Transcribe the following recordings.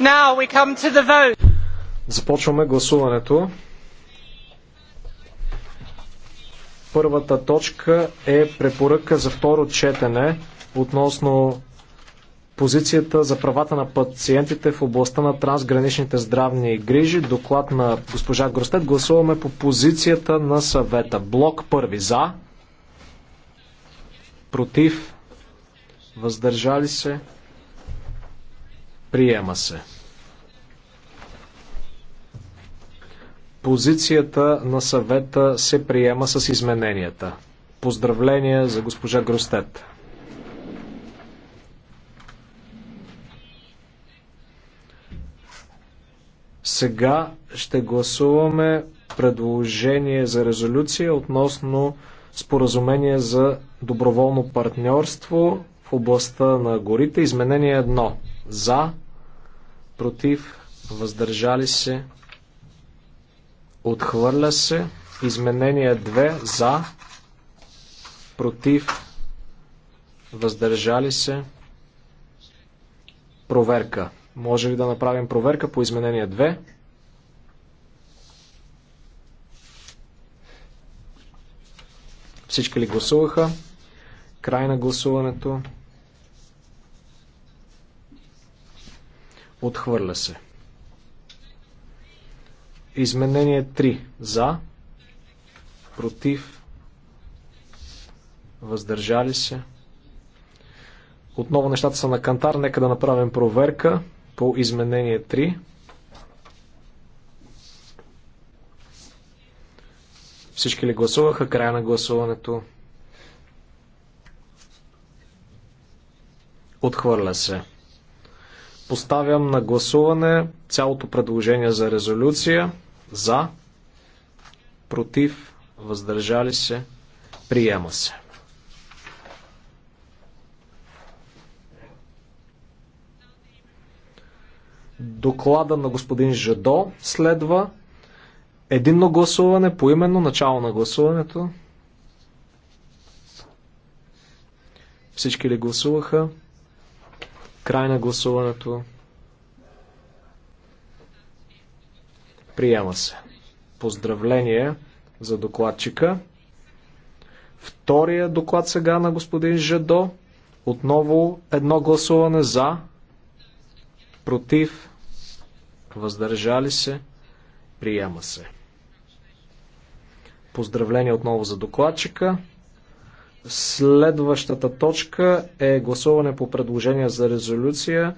Now we come to the vote. Започваме гласуването. Първата точка е препоръка за второ четене относно позицията за правата на пациентите в областта на трансграничните здравни грижи. Доклад на госпожа Гростет. Гласуваме по позицията на съвета. Блок първи за, против, въздържали се, приема се. Позицията на съвета се приема с измененията. Поздравления за госпожа Гростет. Сега ще гласуваме предложение за резолюция относно споразумение за доброволно партньорство в областта на горите. Изменение 1. За, против, въздържали се, отхвърля се. Изменение 2. За, против, въздържали се, проверка. Може ли да направим проверка по изменение 2? Всички ли гласуваха? Край на гласуването. Отхвърля се. Изменение 3. За. Против. Въздържали се. Отново нещата са на кантар. Нека да направим проверка по изменение 3. Всички ли гласуваха? Края на гласуването. Отхвърля се. Поставям на гласуване цялото предложение за резолюция. За. Против. Въздържали се. Приема се. Доклада на господин Жадо следва единно гласуване, по именно начало на гласуването. Всички ли гласуваха? Край на гласуването. Приема се. Поздравление за докладчика. Втория доклад сега на господин Жадо. Отново едно гласуване за, против, въздържали се, приема се. Поздравление отново за докладчика. Следващата точка е гласуване по предложение за резолюция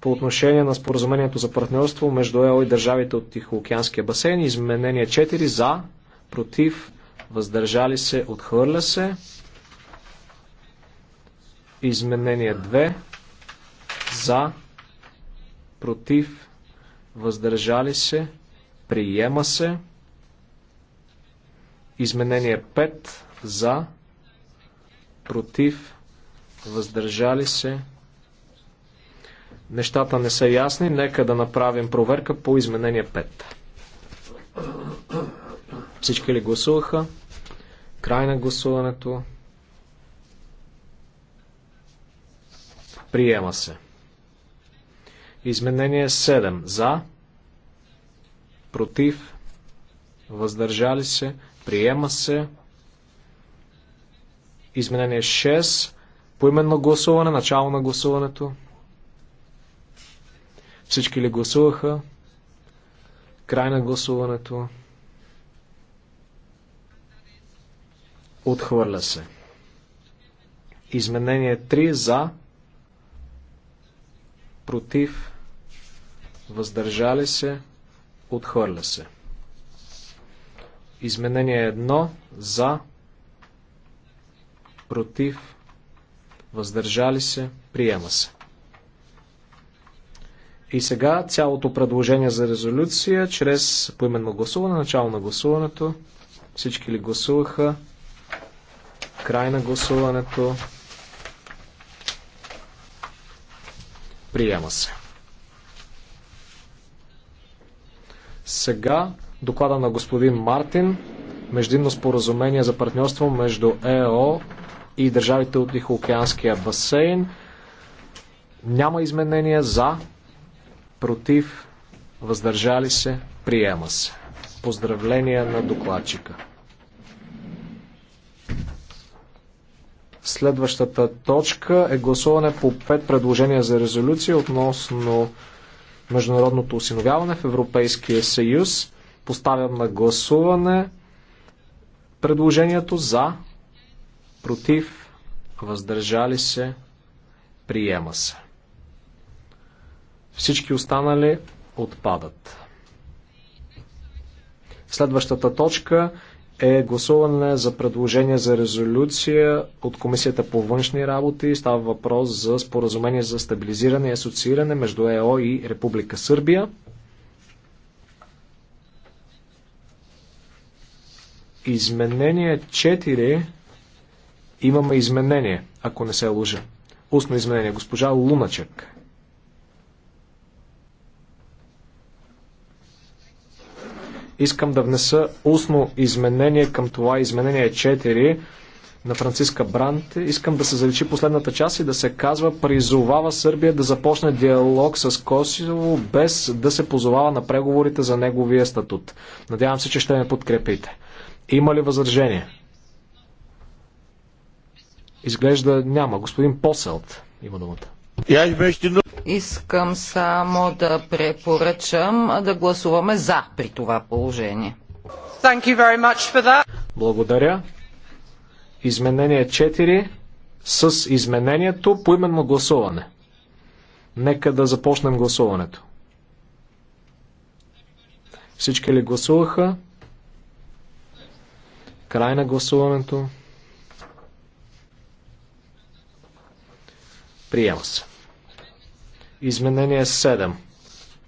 по отношение на споразумението за партньорство между ЕО и държавите от Тихоокеанския басейн. Изменение 4 за, против, въздържали се, отхвърля се. Изменение 2 за, против, въздържали се, приема се. Изменение 5 за, против, въздържали се. Нещата не са ясни. Нека да направим проверка по изменение 5. Всички ли гласуваха? Край на гласуването. Приема се. Изменение 7. За. Против. Въздържали се. Приема се. Изменение 6. Поименно гласуване, начало на гласуването. Всички ли гласуваха? Край на гласуването. Отхвърля се. Изменение 3 за, против, въздържали се, отхвърля се. Изменение 1 за, против, въздържали се, приема се. И сега цялото предложение за резолюция чрез поименно гласуване, начало на гласуването. Всички ли гласуваха? Край на гласуването. Приема се. Сега доклада на господин Мартин. Междинно споразумение за партньорство между ЕО и държавите от Тихоокеанския басейн. Няма изменения за, против, въздържали се, приема се. Поздравления на докладчика. Следващата точка е гласуване по 5 предложения за резолюция относно международното осиновяване в Европейския съюз. Поставям на гласуване предложението за, против, въздържали се, приема се. Всички останали отпадат. Следващата точка е гласуване за предложение за резолюция от Комисията по външни работи. Става въпрос за споразумение за стабилизиране и асоцииране между ЕО и Република Сърбия. Изменение 4 Имаме изменение, ако не се лъжа. Устно изменение. Госпожа Луначек. Искам да внеса устно изменение към това изменение 4 на Франциска Брант. Искам да се заличи последната част и да се казва призовава Сърбия да започне диалог с Косово без да се позовава на преговорите за неговия статут. Надявам се, че ще ме подкрепите. Има ли възражение? Изглежда няма. Господин Поселт има думата. Искам само да препоръчам да гласуваме за при това положение. Благодаря. Изменение 4 с изменението по именно гласуване. Нека да започнем гласуването. Всички ли гласуваха? Край на гласуването. Приема се. Изменение 7.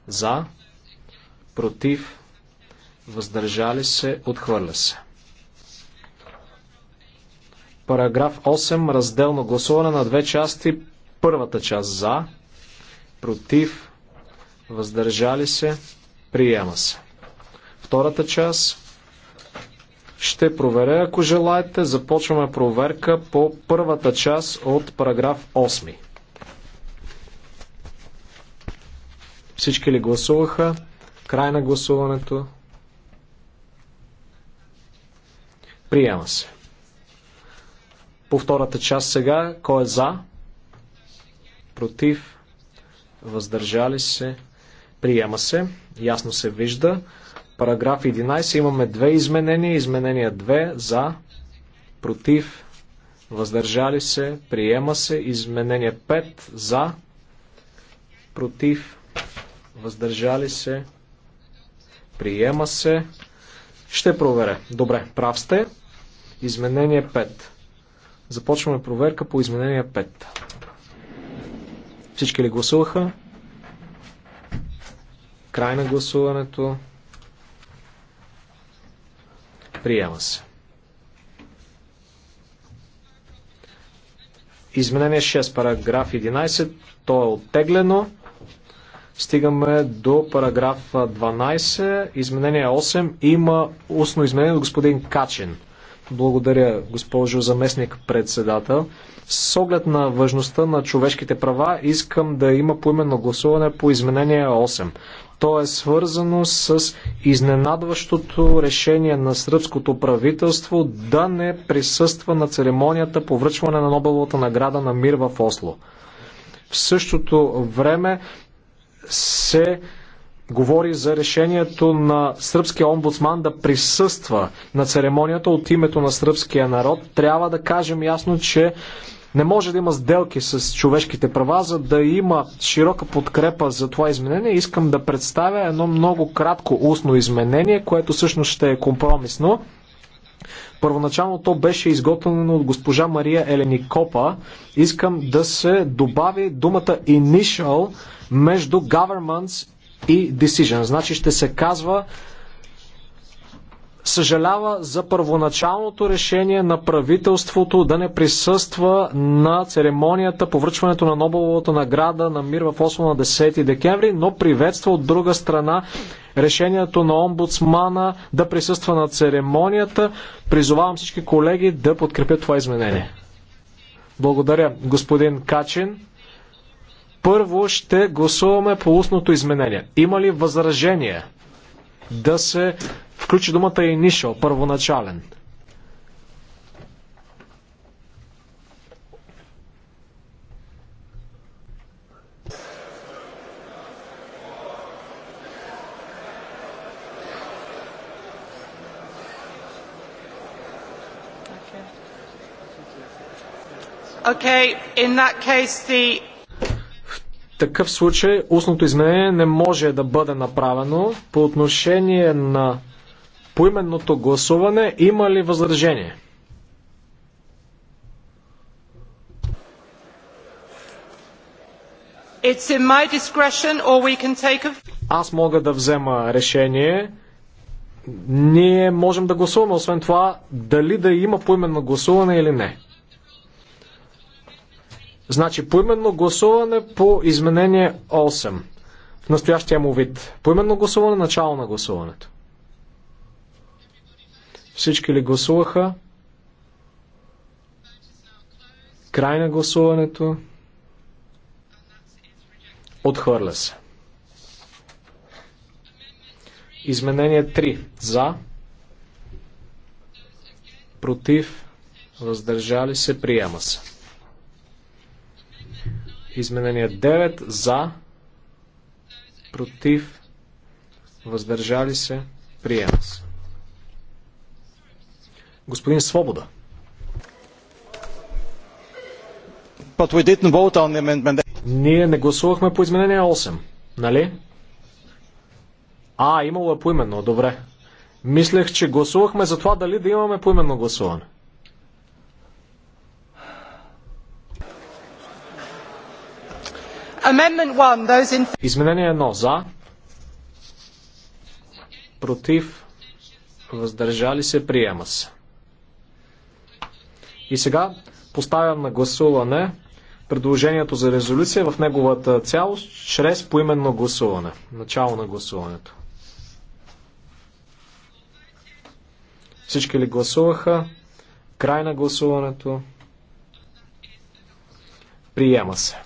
За, против, въздържали се, отхвърля се. Параграф 8. Разделно гласуване на две части. Първата част за, против, въздържали се, приема се. Втората част ще проверя, ако желаете. Започваме проверка по първата част от параграф 8. Всички ли гласуваха? Край на гласуването. Приема се. По втората част сега, кой е за? Против? Въздържали се? Приема се. Ясно се вижда. Параграф 11 имаме две изменения. Изменения 2 за, против, въздържали се, приема се. Изменение 5 за, против, въздържали се, приема се. Ще проверя. Добре, прав сте. Изменение 5. Започваме проверка по изменение 5. Всички ли гласуваха? Край на гласуването. Приема се. Изменение 6, параграф 11. То е оттеглено. Стигаме до параграф 12, изменение 8. Има устно изменение от господин Качин. Благодаря, госпожо заместник председател. С оглед на важността на човешките права, искам да има поименно гласуване по изменение 8. То е свързано с изненадващото решение на сръбското правителство да не присъства на церемонията по връчване на Нобеловата награда на мир в Осло. В същото време се говори за решението на сръбския омбудсман да присъства на церемонията от името на сръбския народ. Трябва да кажем ясно, че не може да има сделки с човешките права, за да има широка подкрепа за това изменение. Искам да представя едно много кратко устно изменение, което всъщност ще е компромисно. Първоначално то беше изготвено от госпожа Мария Еленикопа. Искам да се добави думата initial между governments и decision. Значи ще се казва съжалява за първоначалното решение на правителството да не присъства на церемонията по връчването на Нобеловата награда на мир в 8 на 10 декември, но приветства от друга страна решението на омбудсмана да присъства на церемонията. Призовавам всички колеги да подкрепят това изменение. Благодаря, господин Качин. Първо ще гласуваме по устното изменение. Има ли възражение да се включи думата initial, първоначален. Okay, in that case the... В такъв случай устното изменение не може да бъде направено по отношение на по именното гласуване има ли възражение? A... Аз мога да взема решение. Ние можем да гласуваме, освен това, дали да има поименно гласуване или не. Значи, поименно гласуване по изменение 8 в настоящия му вид. Поименно гласуване, начало на гласуването. Всички ли гласуваха? Край на гласуването. Отхвърля се. Изменение 3. За. Против. Въздържали се. Приема се. Изменение 9. За. Против. Въздържали се. Приема се. Господин Свобода. Ние не гласувахме по изменение 8, нали? А, имало е поименно, добре. Мислех, че гласувахме за това дали да имаме поименно гласуване. Изменение 1. За. Против. Въздържали се. Приема се. И сега поставям на гласуване предложението за резолюция в неговата цялост чрез поименно гласуване. Начало на гласуването. Всички ли гласуваха? Край на гласуването. Приема се.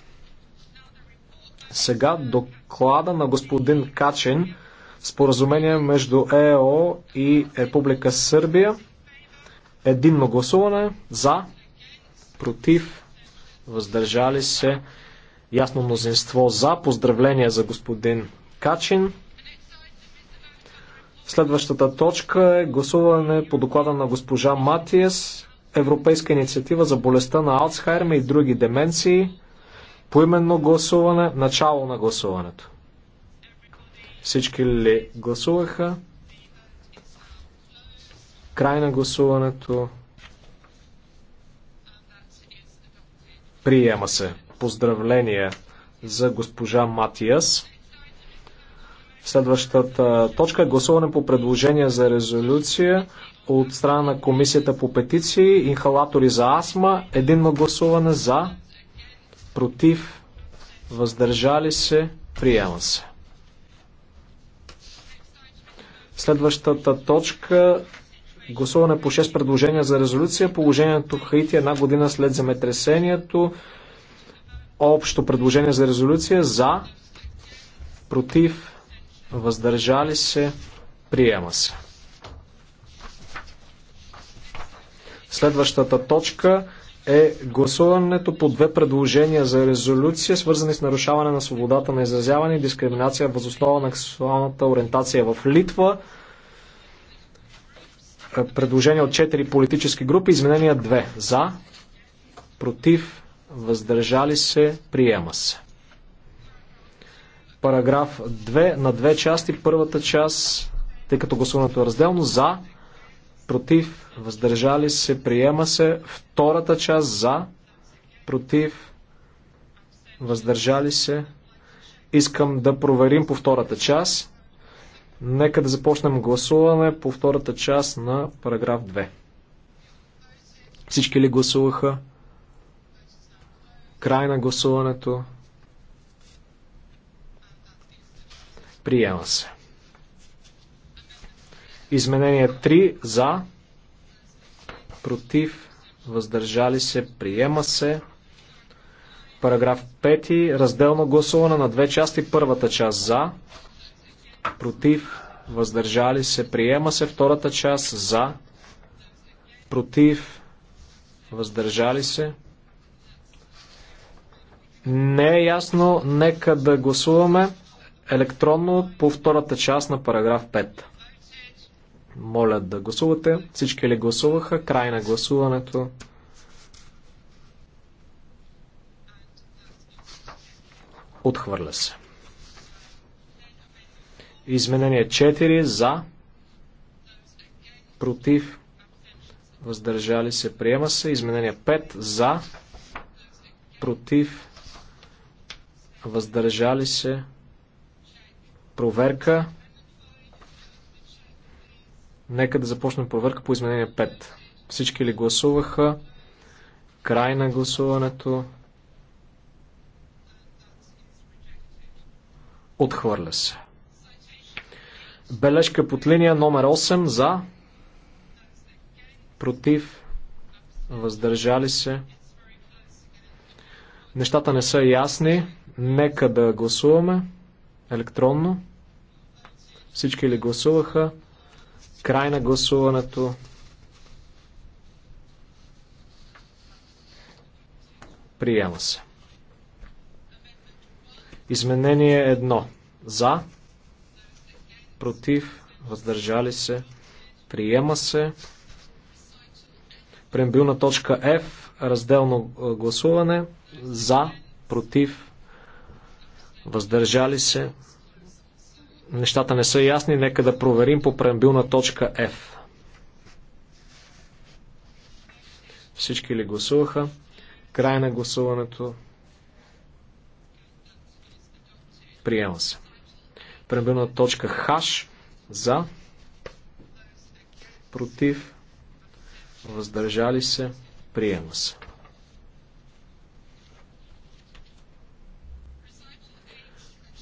Сега доклада на господин Качин споразумение между ЕО и Република Сърбия Единно гласуване за, против, въздържали се, ясно мнозинство за. Поздравления за господин Качин. Следващата точка е гласуване по доклада на госпожа Матиес, Европейска инициатива за болестта на Алцхайрме и други деменции, поименно гласуване, начало на гласуването. Всички ли гласуваха? Край на гласуването. Приема се. Поздравления за госпожа Матиас. Следващата точка е гласуване по предложение за резолюция от страна на Комисията по петиции, инхалатори за астма, единно гласуване за, против, въздържали се, приема се. Следващата точка гласуване по 6 предложения за резолюция. Положението в Хаити една година след земетресението. Общо предложение за резолюция за, против, въздържали се, приема се. Следващата точка е гласуването по две предложения за резолюция, свързани с нарушаване на свободата на изразяване и дискриминация възоснова на сексуалната ориентация в Литва. Е, предложение от 4 политически групи. изменения 2. За, против, въздържали се, приема се. Параграф 2 на две части. Първата част, тъй като гласуването е разделно, за, против, въздържали се, приема се. Втората част за, против, въздържали се. Искам да проверим по втората част. Нека да започнем гласуване по втората част на параграф 2. Всички ли гласуваха? Край на гласуването. Приема се. Изменение 3 за, против, въздържали се, приема се. Параграф 5. Разделно гласуване на две части. Първата част за, против, въздържали се, приема се втората част за, против, въздържали се. Не е ясно, нека да гласуваме електронно по втората част на параграф 5. Моля да гласувате. Всички ли гласуваха? Край на гласуването. Отхвърля се. Изменение 4 за, против, въздържали се, приема се. Изменение 5 за, против, въздържали се, проверка. Нека да започнем проверка по изменение 5. Всички ли гласуваха? Край на гласуването. Отхвърля се. Бележка под линия номер 8 за, против, въздържали се. Нещата не са ясни. Нека да гласуваме електронно. Всички ли гласуваха? Край на гласуването. Приема се. Изменение едно. За против, въздържали се, приема се. Преамбилна точка F, разделно гласуване, за, против, въздържали се. Нещата не са ясни, нека да проверим по преамбилна точка F. Всички ли гласуваха? Край на гласуването. Приема се примерно точка хаш за против въздържали се приема се.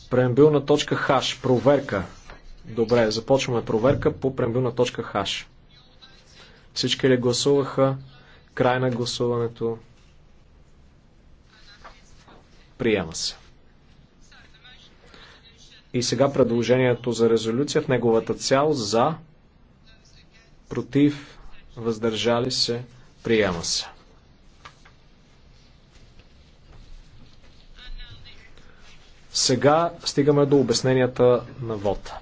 Преамбилна точка хаш проверка. Добре, започваме проверка по преамбилна точка хаш. Всички ли гласуваха? Край на гласуването. Приема се. И сега предложението за резолюция в неговата цял за, против, въздържали се, приема се. Сега стигаме до обясненията на вода.